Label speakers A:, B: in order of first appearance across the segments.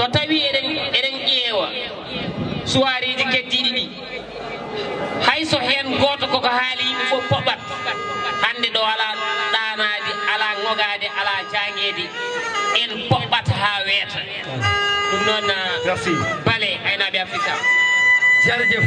A: so tawi eɗen eɗen ƴeewa suwariji keddiɗi ɗi hayso heen gooto koko haali yimɓe fof poɓat hannde ɗo ala ɗanaade ala ŋogaade ala jangeede en poɓat haa weeta ɗum noon uh, bale aynaaɓe africa jarjef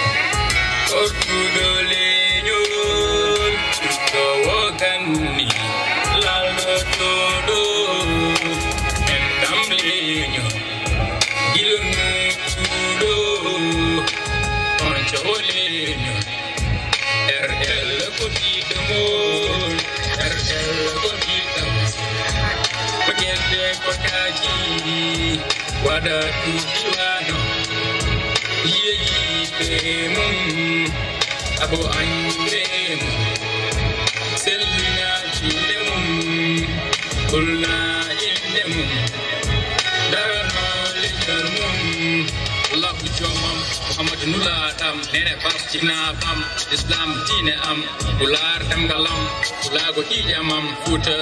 A: da tukiwano iye ye mum abu anjire mum sellina jinde mum kulna jinde mum darano likar mum Allah ku jomam Muhammad nula dam nene barcina bam Islam dine am kular damgalam kulago hijamam futar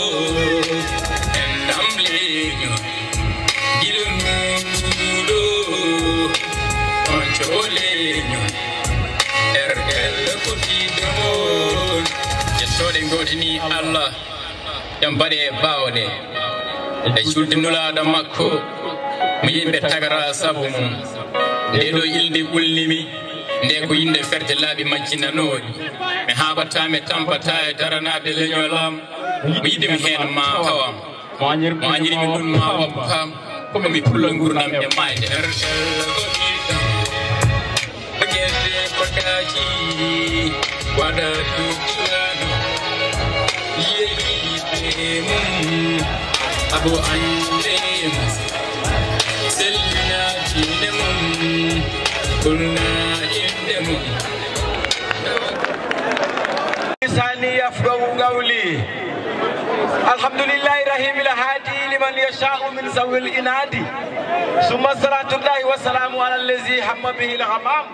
A: jooɗini allah e mbaɗe baawɗe e cuurdinulaaɗo makko mo yimɓe tagara sabu mum nde ɗo ilde ɓulnimi nde ko yinde ferde laaɓi majjinanooɗi mi haaɓataa mi tampataa e daranaade leñol am mo yiɗi mi heen maa tawam mo añirimi ɗum ma woppam komo mi pulla ngurnam e maayde ergelgoɗiɗo ogede kotaaji waɗa duuɓ كريم أبو أندريس سلنا جينم كلنا يندم
B: لساني يفقه قولي الحمد لله رحيم الهادي لمن يشاء من ذوي الإنادي ثم الصلاة الله والسلام على الذي هم به الغمام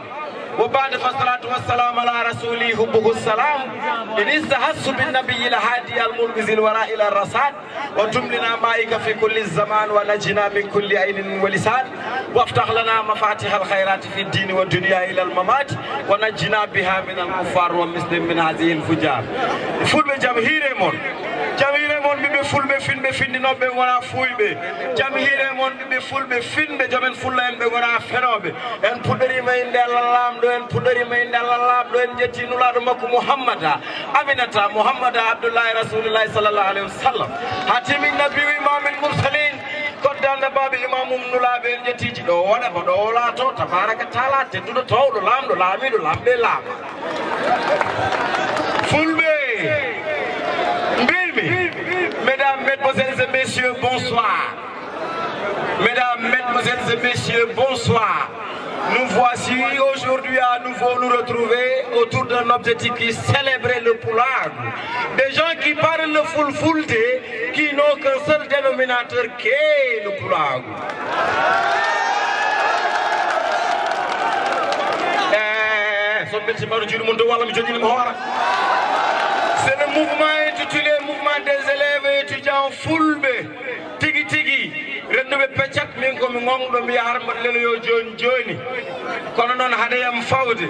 B: وبعد فالصلاة والسلام على رسوله حبه السلام إن إزهس بالنبي الهادي الملغز الوراء إلى الرسال وتملنا مائك في كل الزمان ونجنا من كل عين ولسان وافتح لنا مفاتيح الخيرات في الدين والدنيا إلى الممات ونجنا بها من الكفار ومسلم من هذه الفجار فول بجمهير مون fulɓe finɓe finninoɓe gona fuyɓe jaam hiire gonɗuɓe fulɓe finɓe joom en fulla en ɓe gona fenoɓe en puɗɗorima inde allah lamɗo en puɗɗorima inde allah lamɗo en jetti nulaɗo makko mouhammada aminata mouhammada abdoullahi rasulillahi sallllahu alayhi wa sallam ha timin nabiu imamin mursalin koddanda baaɓe imamum nulaɓe en jettiji ɗo waɗa ko ɗo wolato tabaraka tala tedduɗo towɗo lamɗo laamiɗo lamɓe laama fulɓe mbimi Mesdames, Mesdemoiselles et Messieurs, bonsoir. Mesdames, Mesdemoiselles et Messieurs, bonsoir. Nous voici aujourd'hui à nouveau nous retrouver autour d'un objectif qui célébrait le poulag. Des gens qui parlent le full full qui n'ont qu'un seul dénominateur qui est le poulag. Eh, C'est le mouvement intitulé Mouvement des élèves fulɓe tigi tigi renduɓe peccat min komi gonɗo mbiya har mbaɗa leloyo joni joni kono noon haɗayam fawde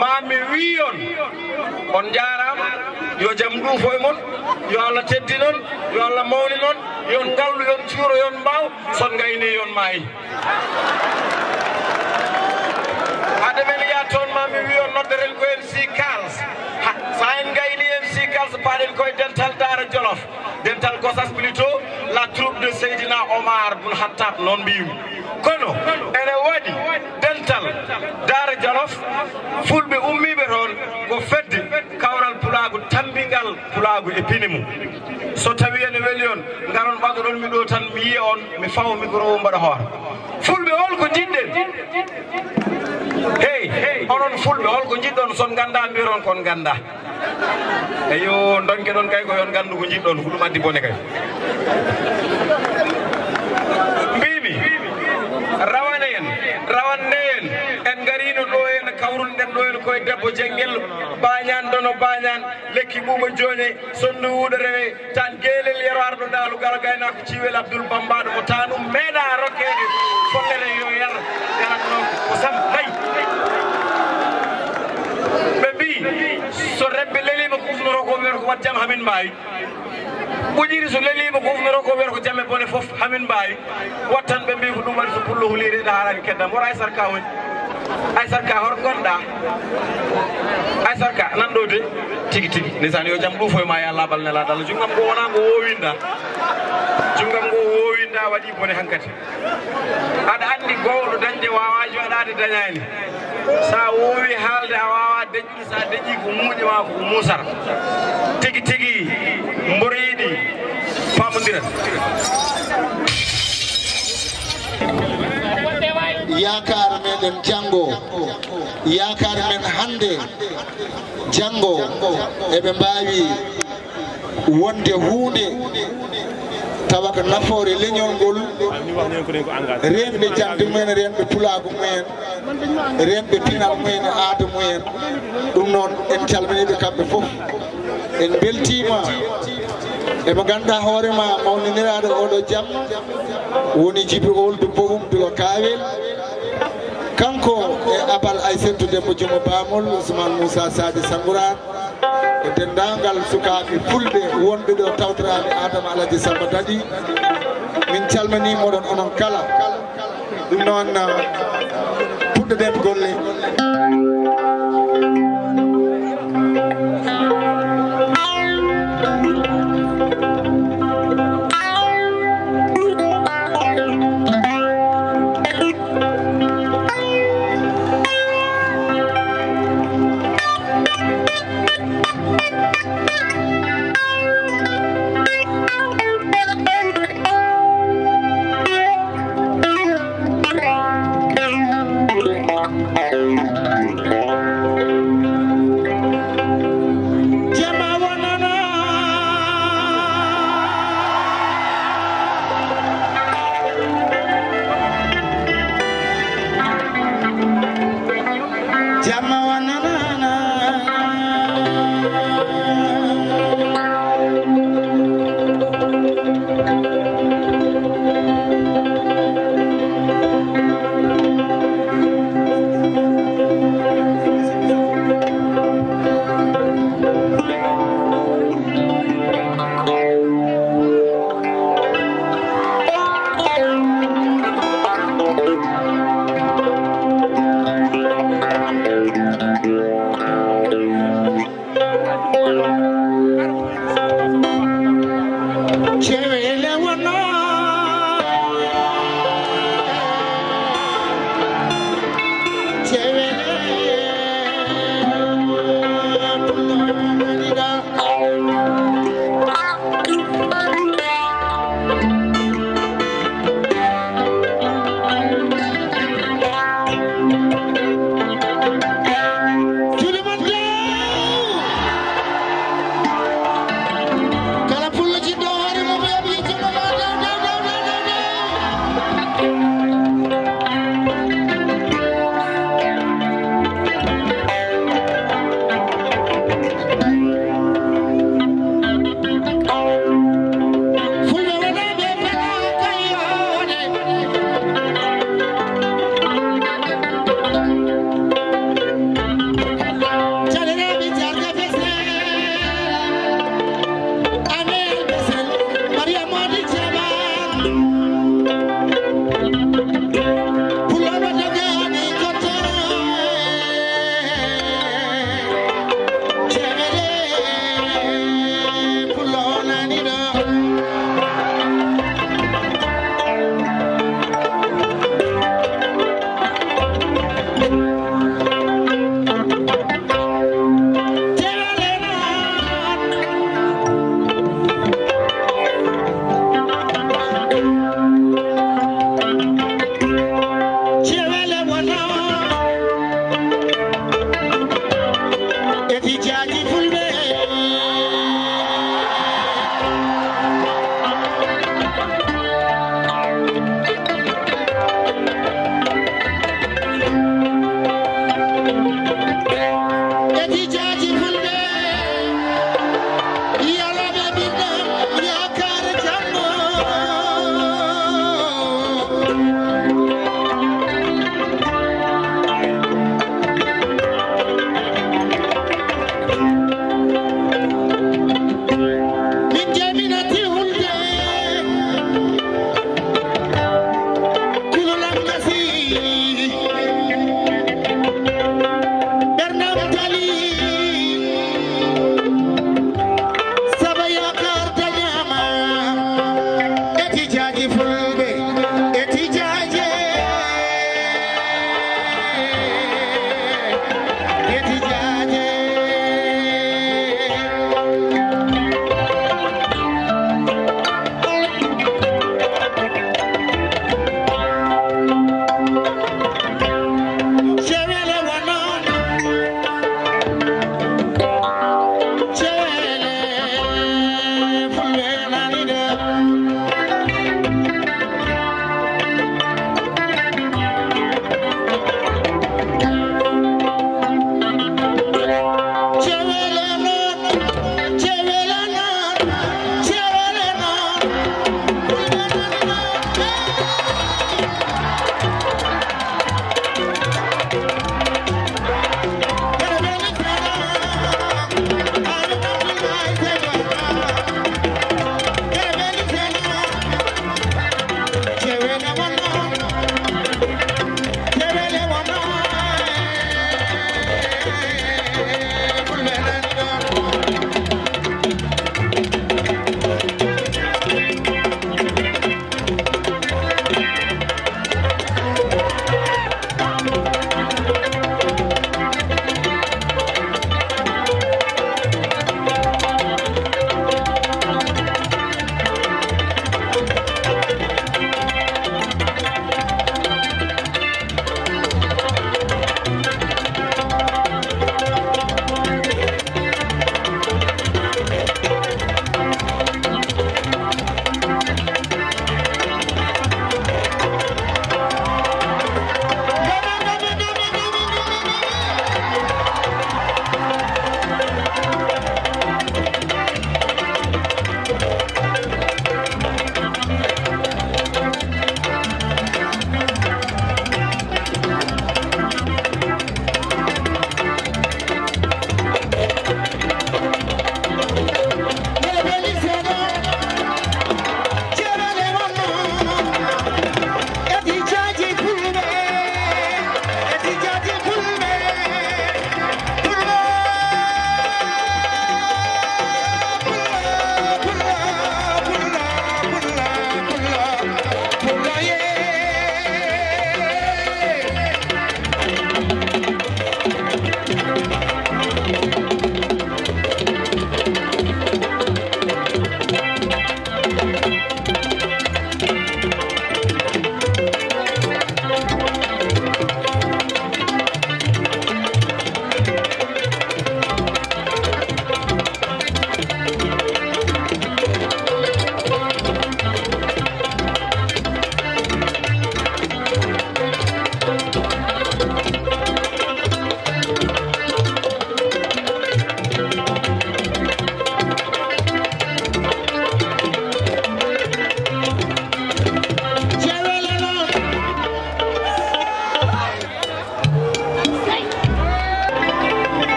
B: mami wiyon on jarama yo jaam ɗufoye moon yo allah teddi noon yo allah mawni noon yon ngallu yon cuuro yon mbaw son gayni e yon mayi hademen ya toon mami wiyo nodderel ko mc cals sa en gayni mc cals paɗen koye dental daara jolof dental gosas plutôt la troupe de seydina omar bun hattab noon mbiyum kono ene waɗi dental daara jolof fulɓe ummiɓe toon ko fedde kawral pulagu tambingal pulagu e pini mum so tawi ene mbaɗoɗon mi ɗo tan mi yiya on mi fawa microwo mbaɗa hoore fulɓe holko jiɗɗen hey onon fulɓe holko jiɗɗon son ganda mbiyeton kon ganda eyo donke ɗon kay ko yon gandu ko jiɗɗon ko ɗum addi bone kay hawrunden ɗoyn koye debbo jengel bañan ɗono bañan lekki ɓuuma joñe sonndu wuuɗo rewe tan gelel yero arɗo ndalu gara gayna ko ciwel abdoul bambaɗo mo tanu meeɗa rokkede follere yo yar yaratno ko sam hay ɓe mbi so rebbe lelima kufnoro ko wer ko wat jam hamin mbawi ɓuƴiri so lelima kufnoro ko wer ko jamme bone foof hamin mbawi wattan ɓe mbi ko ɗum waɗi so pullo hulirede harani keddam wora e sarka woni aysarka hoto gonɗa aysarka nanɗo de tigi tigi nisan yo jaam ɗufoy ma ya laɓal neladalla junggam ngo wona ngo wowinda junggam ngo wowinda waɗi bone hankkati aɗa andi gowlo dañde wawa joɗade dañani sa wowi haalde a wawa dañɗu sa dañi ko muƴe ma ko muusar tigi tigi mboriɗi famodirat
C: yakar meɗen jango yakar men hande jango eɓe mbawi
B: wonde hunde
C: tawa ko nafoore leñol ngol renɓe jandu mumen renɓe pulagu mumen
D: renɓe pinal mumen
C: aada mumen ɗum noon en calminiɓe kamɓe foof en beltima emo ganduɗa hoorema mawninirade oɗo jaam woni jibi oldu bowum duko kaawel kanko e abal aysetou debbo jomo bamol ousmane moussa sadi sangouran e dendagal sukaɓe fulɓe wonɓe ɗo tawtorade adama aladi samba tadi min calminimoɗon onon kala ɗum noon uh, puɗɗo debgolle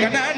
C: Good night.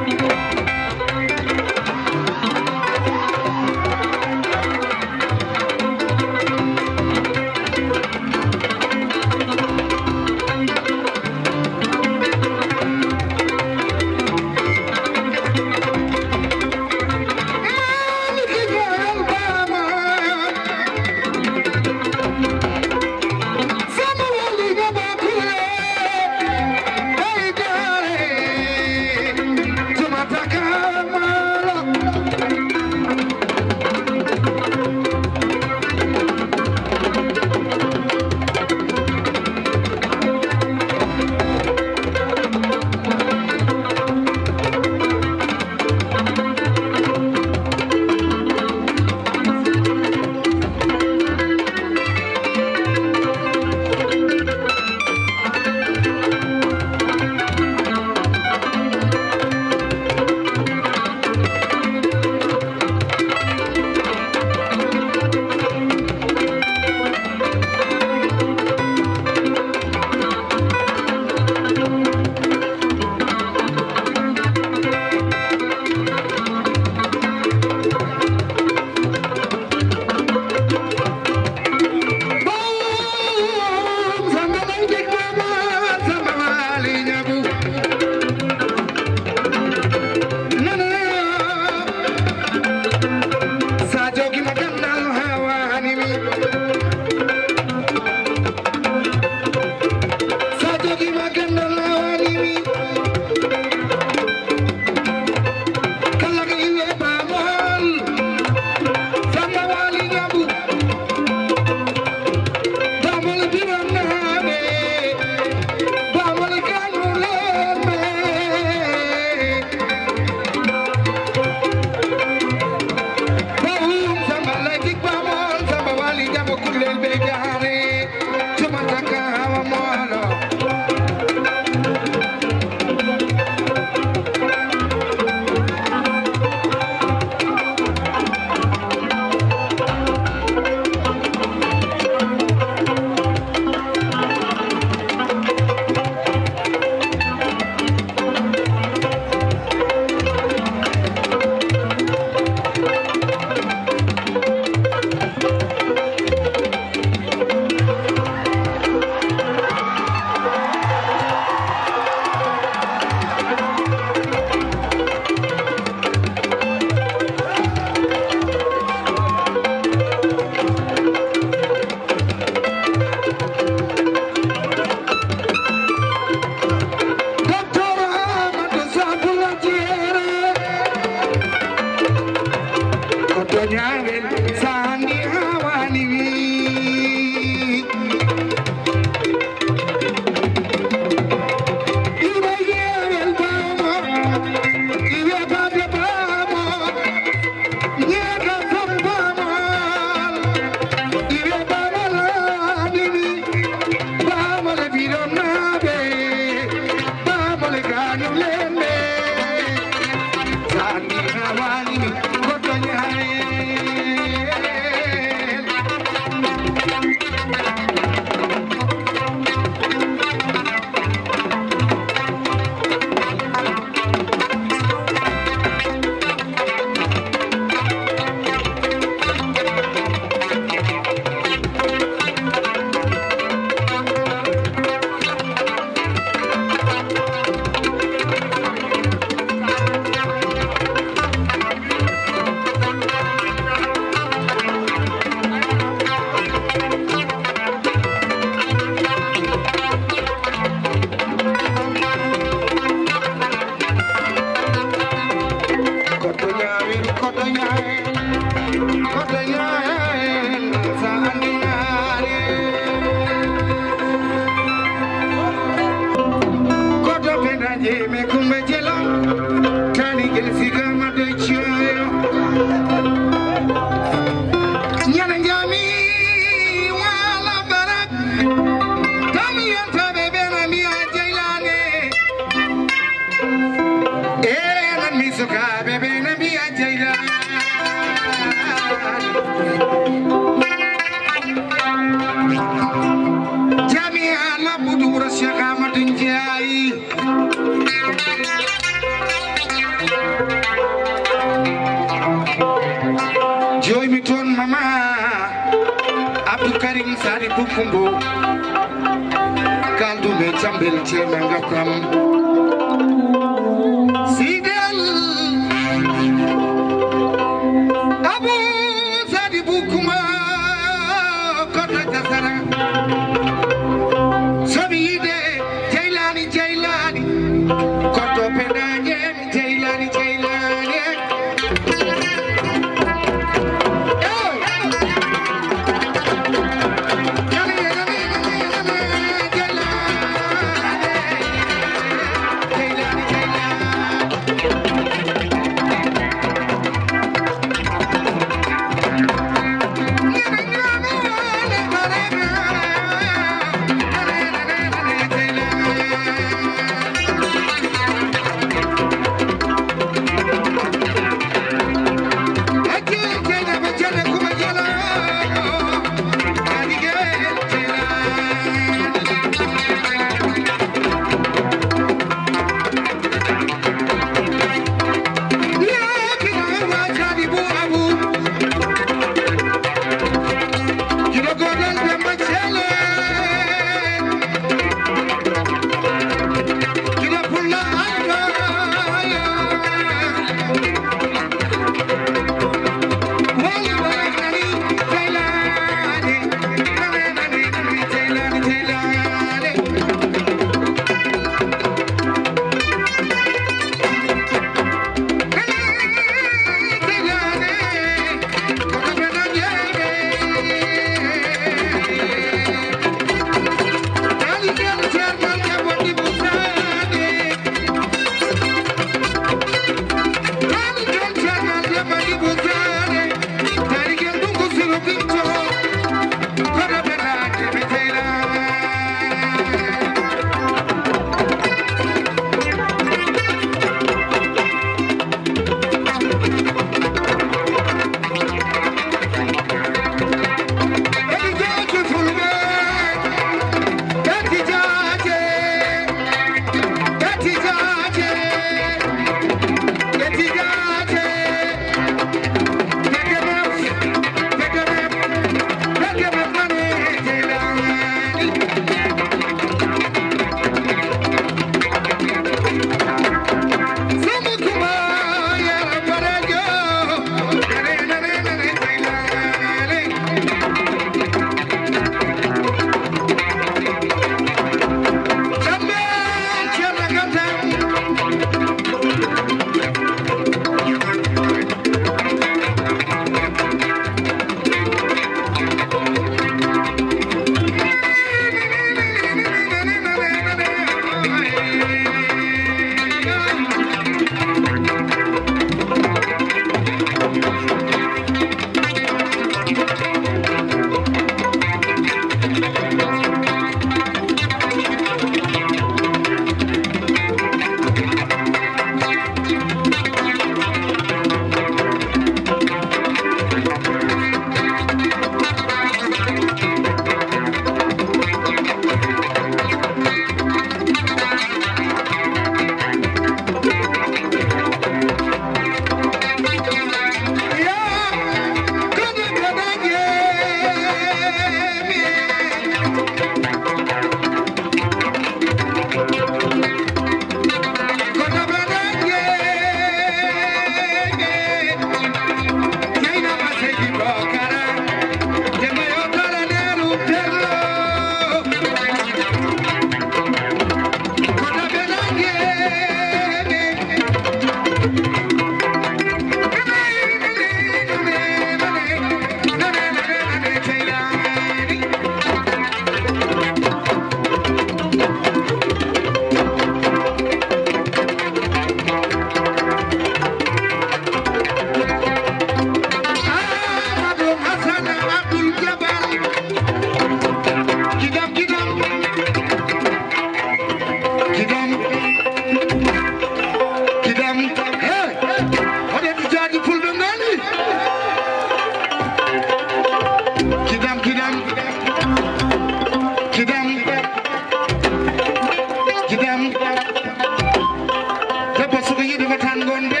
C: debbo suka yiɗima tan gonde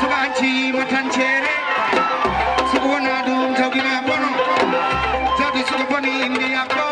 C: suka anciyima tan ceere suka wona ɗum tawgima bono jaadi suka boni indiyakko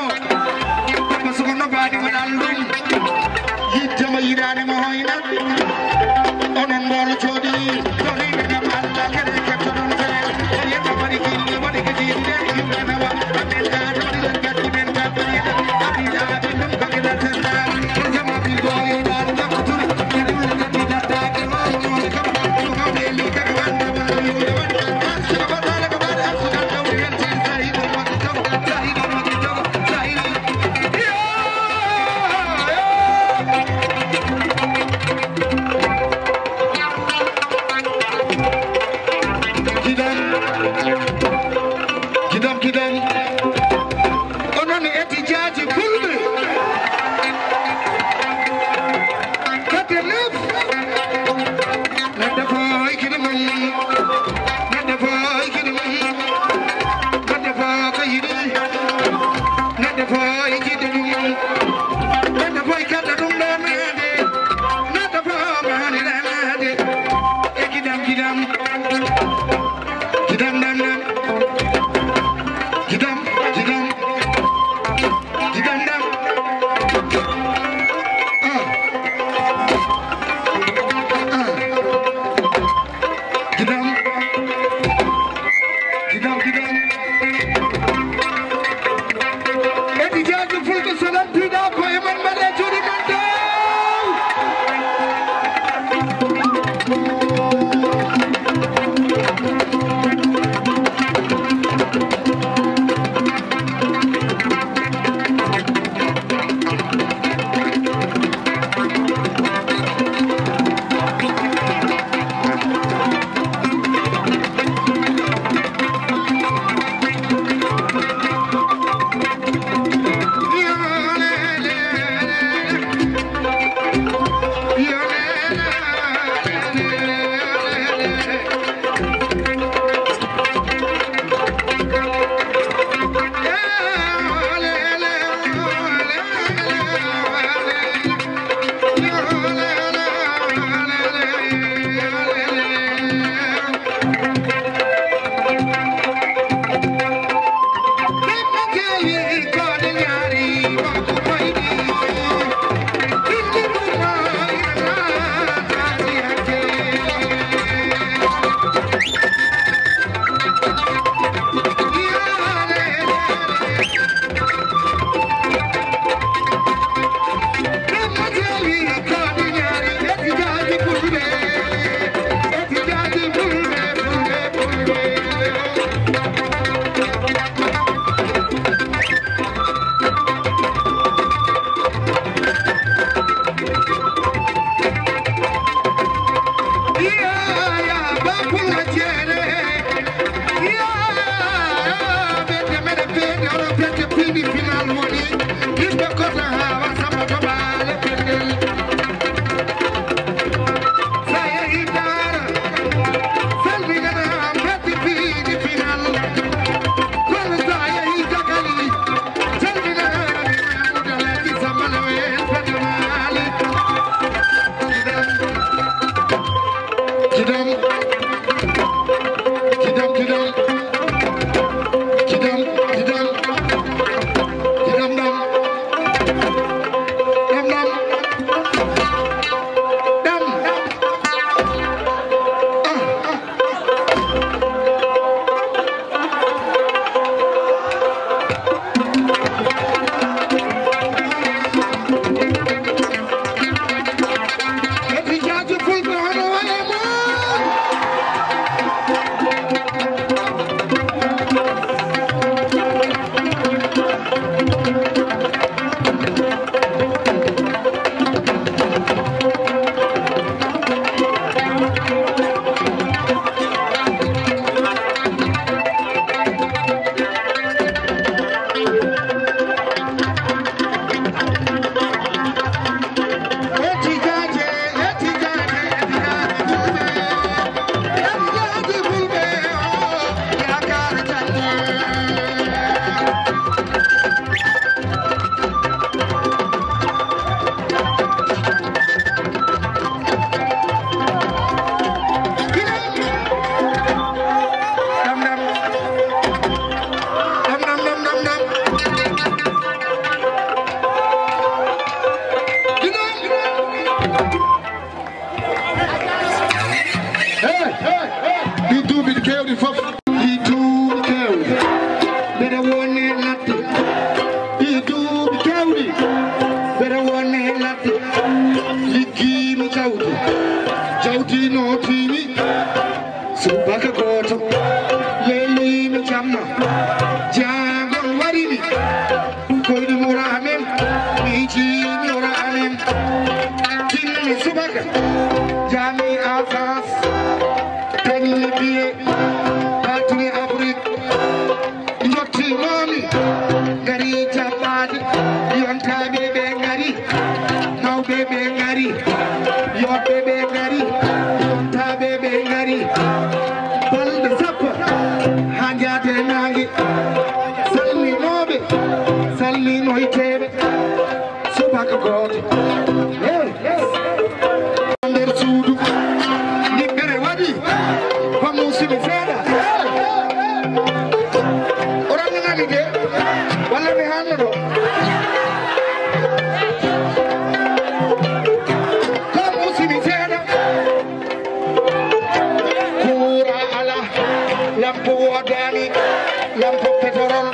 C: gam poppetorol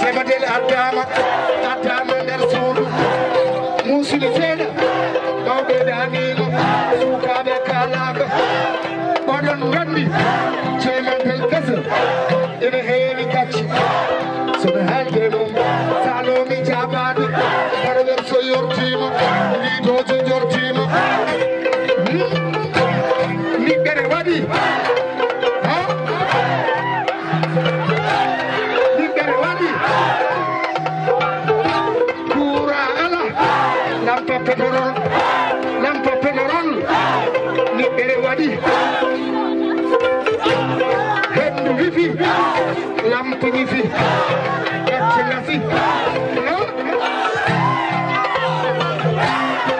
C: jebadel addama addama nder suudu musidi seeɗa ɗowɓe daniiko sukaɓe kalaka oɗon gandi ceymantel kese ene heewi gacci soɓe halde mum salomi jabade haɗoɓen so yortima liitoje jortima niɓɓere hmm, waɗi I'm too easy. Gotcha, Nazi.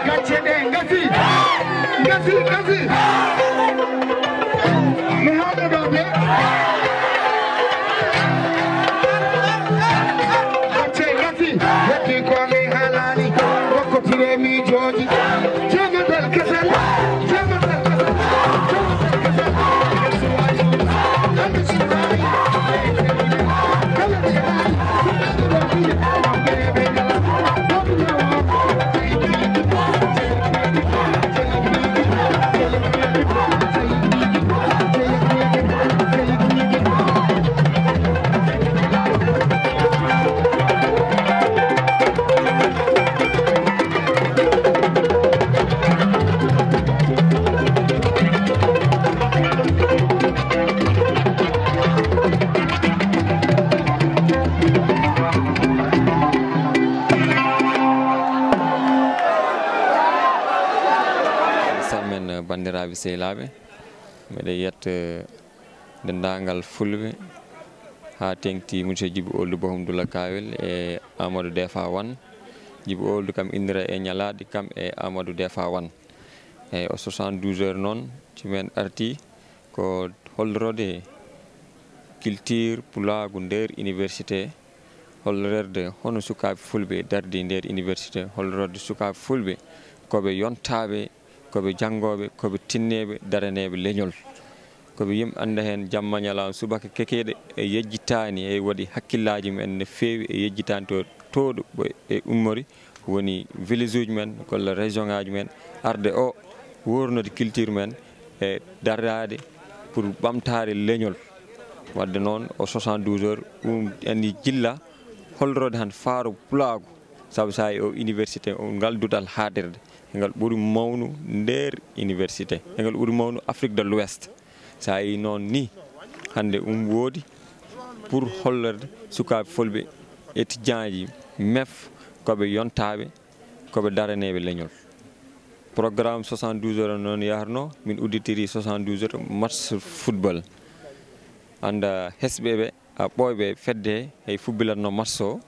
C: Gotcha, Nazi. Nazi, Nazi. Muhammad, yeah. Joji.
E: sahaabi sehlaaɓe mbeɗa yetta eh, denndaangal fulɓe haa teŋti monsieur djibo oldu bohumdoulla kawel e amadou defa wan djibo oldu kam indira e ñalaaɗi kam e amadou defa wan eyi o 72 heures noon cumen arti ko hollorode culture pulaagu nder université hollorerde hono sukaaɓe fulɓe dardi nder université hollorode sukaaɓe fulɓe koɓe yontaaɓe ko ɓe janngooɓe ko ɓe tinneeɓe daraneeɓe leñol ko ɓe yimɓe annda heen jamma ñalaama subaka kekeeɗe e yejjitaani e waɗi hakkillaaji mumen no feewi e yejjitaani to tooɗo e ummori woni village uji men golla région ŋaaji mumen arde o wuurnode culture mumen e darraade pour ɓamtaade leñol wadde noon o 72 heures um anni jilla holrode han faaro pulaago sabu so a i o université ngal dudal haaderde ngal ɓuri mawnu nder université engal ɓuri mawnu afrique de l'ouest ouest so yi noon ni hande um woodi pour hollorde sukaɓe fulɓe étudient ji mef koɓe yontaɓe koɓe daraneɓe leñol programme 72 heures noon yahatno min udditiri 72 heures match football anda hesɓeɓe a ɓoyɓe fedde hay fubbilatno match o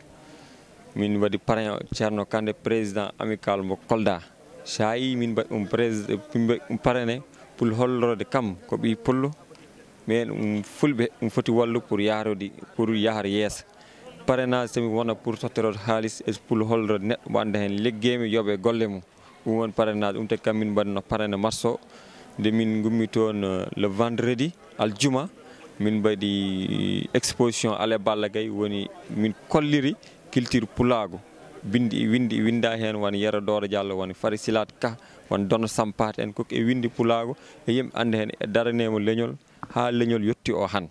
E: min waɗi parrain ceerno kande président amical mo kolda sayi min mbaɗ ɗum présiɗum parané pour hollorode kam ko ɓi pullo mais ɗum fulɓe ɗum foti wallu pour yahrode pour yahar yeeso parénage somi wona pour totterode haaliss e pour hollorode neɗɗo mo anda heen liggeemi yooɓe e golle mum ɗum woni parénage ɗum tagi kam min mbaɗno parané marso nde min gummi toon euh, le vendredi aljuma min mbaɗi euh, exposition alé balla gay woni min kolliri culture pulago bindi windi winda hen won yara doro diallo won fari silat ka won dono sampat en koki e windi pulago e yim ande hen e daranemo leñol ha leñol yotti o han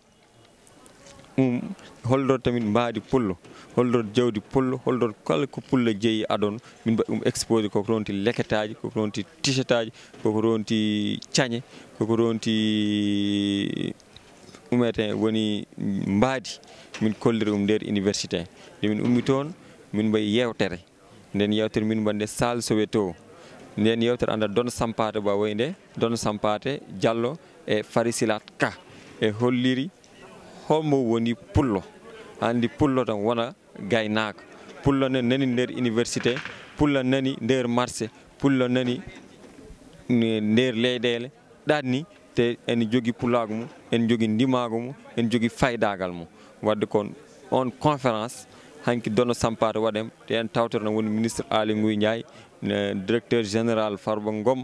E: um mm, holdor tamin mbaadi pullo holdor jawdi pullo holdor kala ko pullo jeeyi adon min mbaɗi um exposé koko ronti leketaji koko ronti t shirt aji koko ronti cañe koko ronti umete woni mbaadi min kolliri um nder université nde min ummi toon min mbayi yewtere nden yewtere min mbande sal sowe to nden yewtere anda don sampate ba wayde don sampate diallo e farisilat ka e holliri homo woni pullo andi pullo tan wona gaynaka pullo ne nani nder université pullo nani nder marché pullo nani nder leyɗele ɗatni te en jogi pullago mum en jogi ndimago mum en jogi faydagal mum wadde kon on conférence hanki dono sampare waɗem ɗen tawtere no woni ministre ali guy ndiaye directeur général farba gom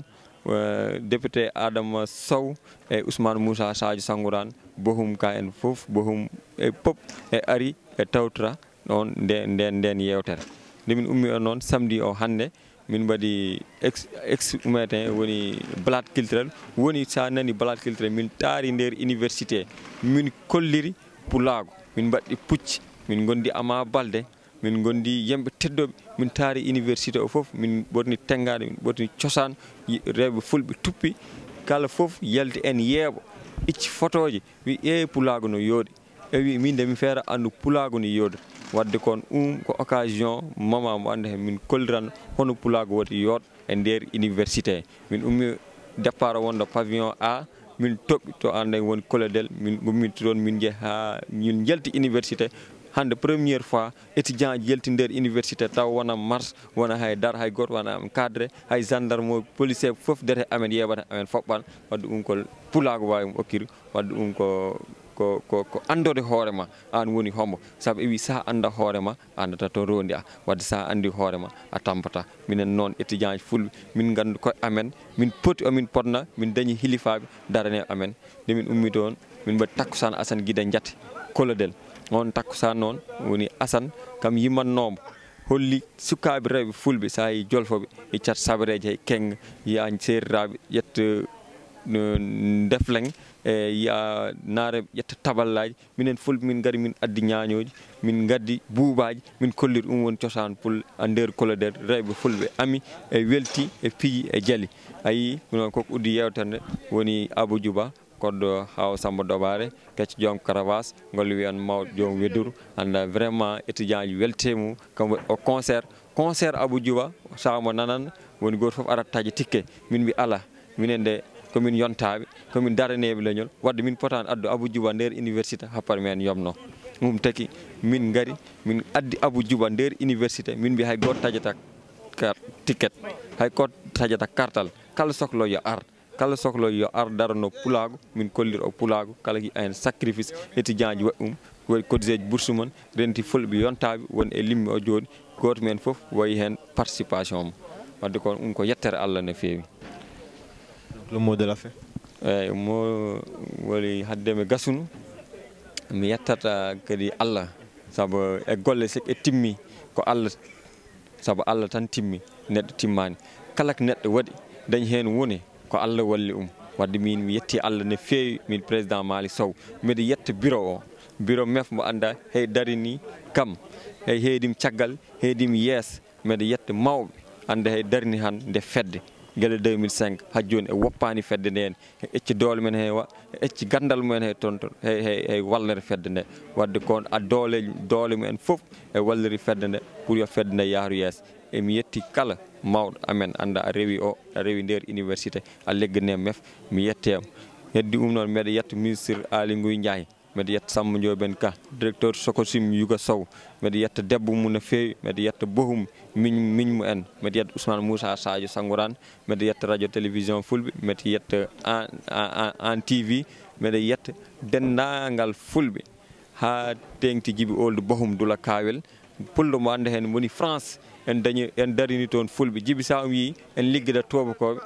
E: e, député adama sow e ousmane moussa sadio sangourane bohum ka en foof bohum e pop e ari e tawtora ɗon nde nden nden yewtere ndemin ummi o noon samedi o hannde min mbaɗi ex umetin woni blat culturel woni sa nani blat culturel min taari nder université min kolliri pour laago min mbaɗɗi pucci min gondi ama balde min gondi yimɓe teddoɓe min taari université o foof min ɓorni tengade min ɓorni cosan rewɓe fulɓe tuppi kala foof yalti en yeeɓo icci photo je wi ƴeewi pulago no yooɗi e wi min de mi feera anndu pulago no yooɗi wadde kon um ko occasion mamamo wande heen min kolliran hono pulago wadi yooɗo e ndeer université he min ummi départ o wonɗo pavillon a min toɓɓi to annden woni colédel min gummitoon min jeeha min njalti université hannde premiére fois étudiant ji yaltindeer université taw wona mars wona hay dar hay goto wona am cadre hay gendarme e policier fof dete amen yeewata amen foɓɓal wadde ɗum ko pulago wawi mo okkir wadde ɗum ko ko ko andode hoorema an woni hombo saabu ewi sa anda hoorema andata to rondi a wadde sa andi hoorema a tampata minen noon étudiant ji fulɓe min gandu koye amen min poti omin potna min dañi hilifaɓe darane amen nde min ummi toon min mbaɗi takkusan asane guide jaate kolodel on takkusan noon woni asane kam yimmatnomo holli sukaɓe rewɓe fulɓe sa yi jolfoɓe yeccata sabareji hay kenga yiya serraɓe ƴetta ndefleng e yiya naare ƴetta taballaji minen fulɓe min gari min addi ñañoji min gaddi buubaji min kolliri ɗum woni cosan pour a nder colodaire rewɓe fulɓe ami e welti e piiji e jali ayi ɗu noon koko uddi yewtere nde woni abou dioba koddo haw samba dobare kecce jom caravas ngol wiyan maw jom wedduru anda vraiment étudiant ji weltemu kamɓe o concert concert abou djouba mo nanan woni gor fof arat taji tikke min bi ala minende de komin yontaɓe komin daraneɓe leñol wadde min potan addu abou djouba der université ha parmen yomno mum teki min gari min addi abou djouba der université min bi hay goto tajata ticket hay goto tajata kartal kal soklo ya art. kala sohlo yo ar darano pulago min kollir o pulago kala ki en sacrifice étudiant ji waɗi ɗum waɗi cotisé ji bourse mum renti fulɓe yontaɓe woni e limmi o joni goto men foof wayi hen participation mu wadde kon ɗum ko yettere allah no fewi le mot de la fin eyyi e mo woni hadde mi gasunu mi yettata kadi allah saabu e golle sik e timmi ko allah saabu allah tan timmi neɗɗo timmani kala ko neɗɗo waɗi dañi hen wone ko allah walli um wadde min mi yetti allah ne fewi min président mali sow mbiɗa yetta bureau o bureau mef mo anda hey darini kam hey heedim caggal heedim yees mbiɗa yetta mawɓe anda hey darini han nde fedde gueɗe 2005 ha joni e woppani fedde nde henne ecci doole men hewa ecci gandal mumen he toon toon hey hey hey wallere fedde nde wadde kon a dooleji doole mumen foof e walleri fedde nde pour yo fedde nde yaaru yeeso emi yetti kala mawɗo amen annda a rewi o a rewi nder université a leggane mef mi yettema heddi um noon mbeɗa yetta ministre aligoy ndiaye mbeɗa yetta samba joɓen ka directeur socosim yuga sow mbeɗa yetta debbo mum no fewi mbeɗa yetta bohum miñ miñmu en mbeɗa yetta ousmane moussa sadio sangourane mbeɗa yetta radio télévision fulɓe mbeɗa yetta en tv mbeɗa yetta dendagal fulɓe ha tengti jiibi olde bohum duula kawel pullo mo annda hen woni france en dañi en darini toon fulɓe jibi sa um yii en liggida toobakooɓe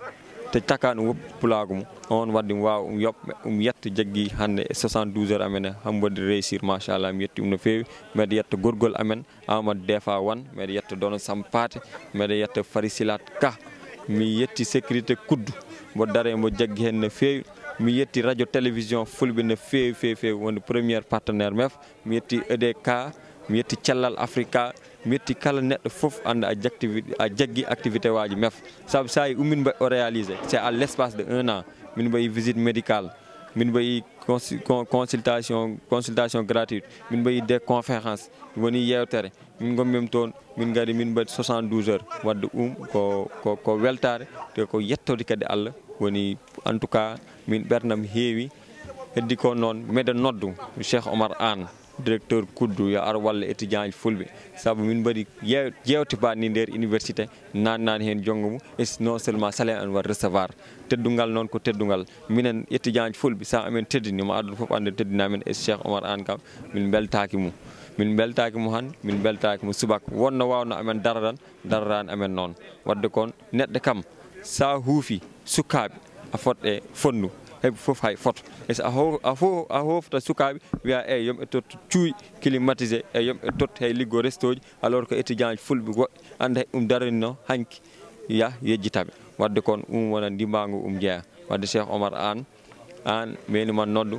E: te cakaani wop pulaagu mum oon wadde mi waawa um yoɓ um yetta jaggi hannde e 72 heures amen e hamo wadde réussir machallah mi yetti um no feewi mbiɗa yetta gorgol amen amadou defa wan mbiɗa yetta dono sampaate mbiɗa yetta farisilat ka mi yetti sécurité kuddu mbo dare mbo jaggi heen no feewi mi yetti radio télévision fulɓe no feewi feewi feewi wonde premiére partenaire mef mi yetti ede ka mi yetti cellal africa metti kala neɗɗo fof anda a jactivité a jaggi activité waji meef saabu sa yi ummin ba o réalisé c'est à l'espace de 1 an min mbayi visite médicale min mbayi consultation consultation gratuite min mbayi des conférences woni yewtere min gommim ton min gari min ba 72 heures wadde um ko ko ko weltare te ko yettodi kadi allah woni en tout cas min ɓernam heewi heddi ko noon meɗen noddu cheikh Omar An directeur kuddu yo ar walla étudient ji fulɓe saabu min mbaɗi jewte baɗni nder université natnani hen jongo mum e non seulement salaire an wat recevoir teddungal noon ko teddungal minen étudient ji fulɓe sa amen teddini mo adon foof ande teddinamen e cheikh omar an kam min beltaki mum min beltaki mo han min beltaki mo subak wonno wawno amen daradan daradani amen noon wadde kon neɗɗo kam sa huufi sukkaɓe a fotɗe fonnu heɓe fof hay foto e so a fof a hoftat sukaɓe wiya eyyi yoom e tot cuuy climatisé e yoom e tot hay liggo resto ji alors que étudient ji fulɓe goɗɗe anda ɗum daranino hanki ya yejjitaɓe wadde kon ɗum wona ndimbago um jeeya wadde cheikh omar an an menuman noddu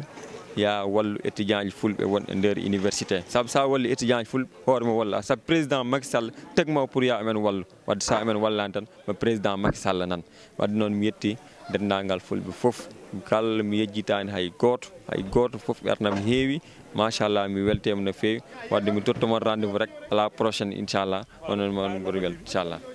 E: ya wallu étudient ji fulɓe wonɗe nder université saabu sa walli étudient ji fulɓe hoore mo walla saabu président macky sall tegma pour ya amen wallu wadde sa amen wallani tan ma président macky sall nan wadde noon mi yetti dendagal fulɓe foof kala mi yejjitaani hay gooto hay gooto fof ɓernami heewi machallah mi weltema no feewi wadde mi tottoma rendez vous rek ala prochaine inchallah onon mon ɓuri wel inchallah